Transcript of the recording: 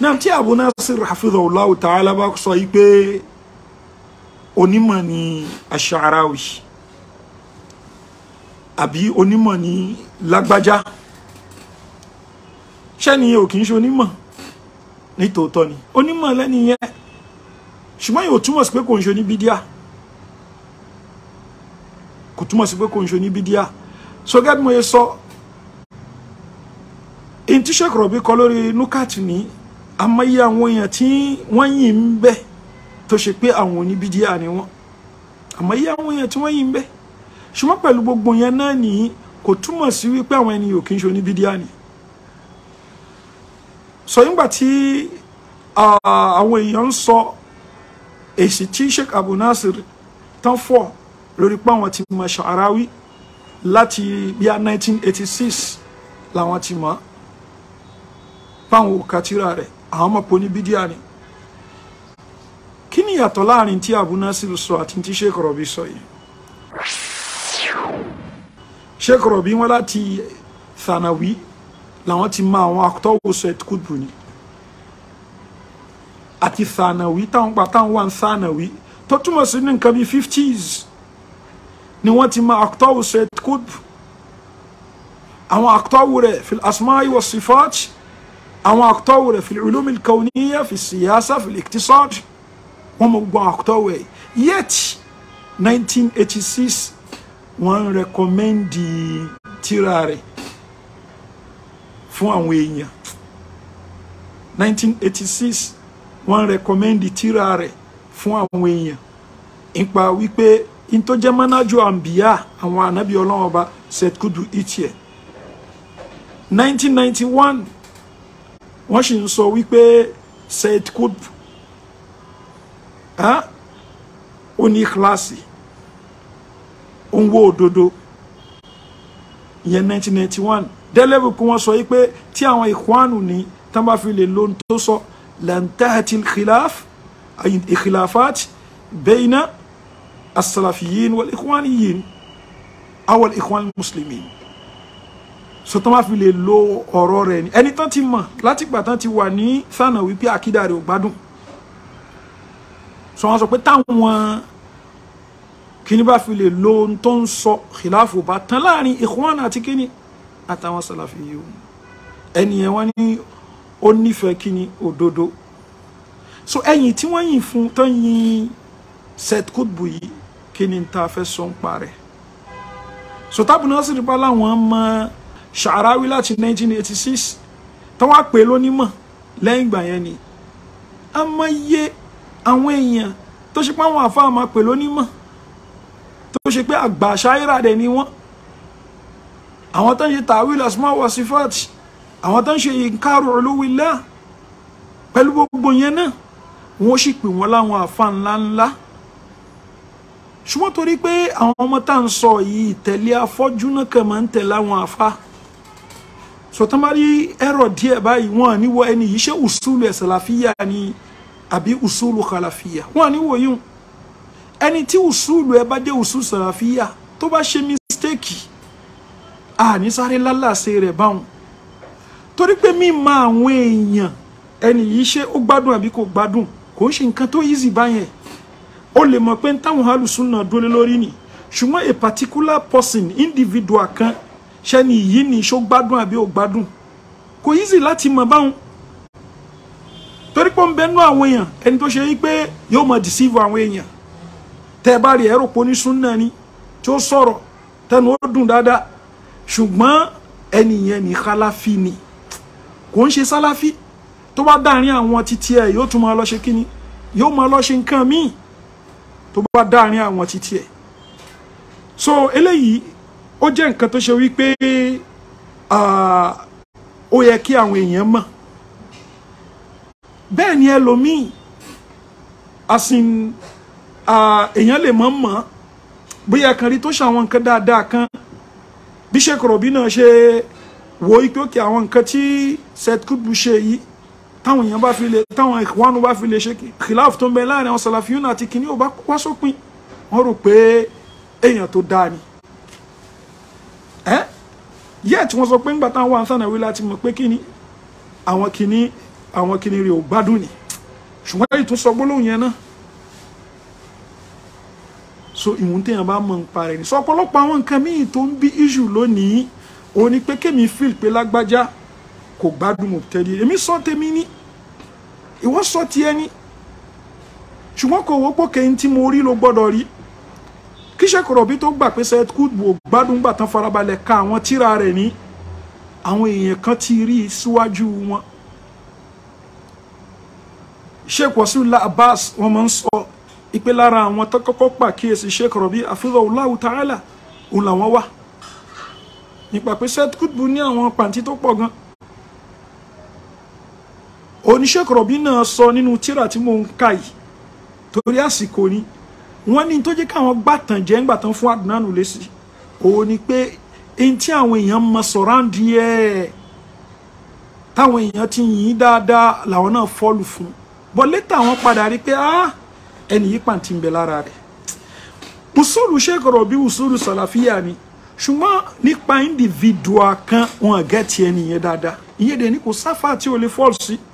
náà tí Abu Nasir hafidhahullahu ta'ala bá sọ yìí pé onímọ̀ ni Ash-Sha'rawi àbí onímọ̀ ni lágbájá ṣẹ́ni ò kì í ṣe onímọ̀ ní tòótọ́ ni onímọ̀ lẹ́ni yẹn ṣùgbọ́n yóò túmọ̀ sí pé kò ń ṣe oníbídíà kò túmọ̀ sí pé kò ń ṣe oníbídíà so gẹ́gẹ́ bí mo yẹ sọ in tí Sheikh Rabi lórí nukat ní àmọye àwọn èèyàn tí wọ́n yìn ń bẹ tó ṣe pé àwọn oníbídíà ni wọ́n àmọye àwọn èèyàn tí wọ́n yìn ń bẹ ṣùgbọ́n pẹ̀lú gbogbo yẹn náà nìyí kò túmọ̀ sí wípé àwọn ẹni yòókì ń ṣe oníbídíà ni sọ yíngbà tí àwọn èèyàn ń sọ èsì tí Sheikh Abu Nasir tán fọ lórí pé àwọn ti mọ Sha'arawi láti bíi 1986 làwọn ti mọ fáwọn òkàtìrà rẹ̀ àwọn ọmọ pọ̀ ní bídíà ni kí ni ìyàtọ̀ láàrin tí Abu Nasir sọ àti tí Sheikh Rabi sọ yìí Sheikh Rabi wọn láti thanawi làwọn ti máa àwọn akutọ́wò sọ ẹ̀kúdùrù ni àti thanawi táwọn pa táwọn wà ń thanawi tó túmọ̀ sí ní nǹkan bíi fifties ni wọ́n ti máa akutọ́wò sọ ẹ̀kúdùrù àwọn akutọ́wò rẹ̀ fil asma'i was sifat àwọn àkútọ́wò rẹ̀ fil ulum al kawniyya fi siyasa fil iqtisad wọ́n mọ gbogbo àwọn àkútọ́wò yet 1986 wọ́n rẹkọmẹ́ndì tíra rẹ̀ fún àwọn èèyàn 1986 wọ́n rẹkọmẹ́ndì tíra rẹ̀ fún àwọn èèyàn nípa wípé in tó jẹ́ mọ́nájú àǹbíyá àwọn ànábì ọlọ́run ọba sẹ́tkúdù ìtìẹ̀ 1991 wọ́n sì ń sọ wípé Said Qutb ó ní kíláàsì ó ń wó òdodo ìyẹn 1991 délẹ́bù kí wọ́n sọ wípé tí àwọn ìkwánù ní tán bá fi lè lo ohun tó sọ lantahati khilaf khilafat bayna as wal ikhwaniyin awal ikhwan muslimin so tán bá fi lè lo ọ̀rọ̀ rẹ̀ ni ẹni tán ti mọ̀ látìgbà tán ti wà ní sànà wípé àkídà rẹ̀ ò gbádùn so wọ́n sọ pé táwọn kíní bá fi lè lo ohun tó ń sọ kìláàfù bá tán láàrin ikhwan àti kíní àtàwọn sàlàfì yìí ẹni yẹn wọ́n ní ó nífẹ̀ẹ́ kíní òdodo so ẹ̀yìn tí wọ́n yìn fún tán yin set kutbu yìí kíní tá a fẹ́ sọ ń so tábùnà sì rí bá láwọn máa Ṣàráwí láti 1986 tó wá pè lónímọ̀ lẹ́yìn ìgbà yẹn ni a máa yé àwọn èèyàn tó ṣe pé àwọn àfáà máa pè lónímọ̀ tó ṣe pé àgbà ṣáírà dẹ̀ ni wọ́n àwọn tó ń ṣe tàwílì asma wa sifat àwọn tó ń ṣe ìkárò olówìlá pẹ̀lú gbogbo yẹn náà wọ́n sì pè wọ́n láwọn àfáà ńláńlá ṣùgbọ́n torí pé àwọn ọmọ tá à ń sọ yìí tẹ̀lé afọ́jú náà máa ń tẹ̀lé àwọn àfáà so tán bá rí ẹ̀rọ díẹ̀ báyìí wọ́n ní wọ ẹni yìí usulu ẹ̀ sàlàfíà ni àbí usulu kàlàfíà wọ́n ní wọ yìí ẹni tí usulu ẹ bá dé usulu sàlàfíà tó bá ṣe mistake ah ni lálàsẹ rẹ̀ báwọn torí pé mi máa àwọn èèyàn ẹni yìí ṣé ó gbádùn àbí kò gbádùn kò ń ṣe nǹkan tó easy báyẹn o lè mọ̀ pé táwọn alùsùn náà dúró lórí ni ṣùgbọ́n a particular person individual kan ṣé ni yìí ni ṣó gbádùn àbí ò gbádùn kò easy láti mọ̀ báwọn torí pé ó ń bẹnu àwọn èèyàn ẹni tó ṣe yí pé yóò mọ̀ deceive àwọn èèyàn tẹ́ ẹ bá rí ẹ̀rọ pọ̀ ní súnà ni tí ó sọ̀rọ̀ tẹnu ó dùn dáadáa ṣùgbọ́n ẹni yẹn ní kálàfí ni kò ń ṣe sálàfí tó bá dáàrin àwọn títí ẹ yóò tún máa lọ ṣe kíni yóò máa lọ ṣe nǹkan míì tó bá dáàrin àwọn títí ẹ so eléyìí ó jẹ́ nǹkan tó ṣe wípé ó yẹ kí àwọn èèyàn mọ̀ bẹ́ẹ̀ ni ẹlòmíì asin èèyàn lè mọ̀ mọ̀ bóyá kan rí tó ṣe nǹkan dáadáa kan bí Sheikh Robi náà ṣe wo ipe òkè àwọn nǹkan tí Seth Kutbu ṣe yìí táwọn èèyàn bá fi lè táwọn ìwánu bá fi lè ṣe khilaf tó ń bẹ láàrin àwọn àti kìnìún bá wá sópin wọ́n rò pé èèyàn tó dáa ni yet wọ́n sọ pé ńgbà táwọn wà ń sànàwí láti mọ̀ pé kíni àwọn kíni àwọn kíni rẹ̀ ò gbádùn ni ṣùgbọ́n ìtún sọ gbólóhùn yẹn náà so ìwọ̀n téèyàn bá mọ̀ ń parẹ́ ni sọ ọ̀pọ̀lọpọ̀ àwọn nǹkan míì tó ń bí iṣu lónìí òun ni pé kémi fíìl pé lágbájá kò gbádùn mọ̀tẹ́lì èmi sọ tèmi ní ìwọ sọ tiẹ̀ ní ṣùgbọ́n kò wọ́pọ̀ kẹ́yìn tí mo rí ló gbọ́dọ̀ rí kí ṣèkòròbí tó gbà pé Saheed Qutb gbádùn gbà tán farabalẹ̀ ka àwọn tíra rẹ̀ ní àwọn èèyàn kan ti rí i síwájú wọn Sheikh Wasilullah Abbas wọn máa ń sọ ìpè lára àwọn tó kọ́kọ́ pàkíyèsí ṣèkòròbí hafizahullahu ta'ala òun làwọn wà nípa pé Saheed Qutb ní àwọn pàǹtí tó pọ̀ gan oníṣèkòròbí náà sọ nínú tíra tí mò ń kà yìí torí àsìkò ni wọ́n ní tó jẹ́ káwọn gbàtàn jẹ́ ńgbàtàn fún Adnan lẹ́sí òun ni pé ẹni tí àwọn èèyàn mọ sọ̀ráǹdì ẹ̀ táwọn èèyàn ti yìn dáadáa làwọn náà fọ́ọ̀lù fún bọ́ létà wọn padà rí pé ah, ẹni yìí pàǹtí ń bẹ lára rẹ̀ usulu ṣèkọrọ bí usulu sàlàfíà ni ṣùgbọ́n nípa individual kan wọn gẹ̀ẹ́tì ẹni yẹn dáadáa ìyẹn dẹ̀ ni kò sáfà tí o lè fọ́ọ̀lù sí. Si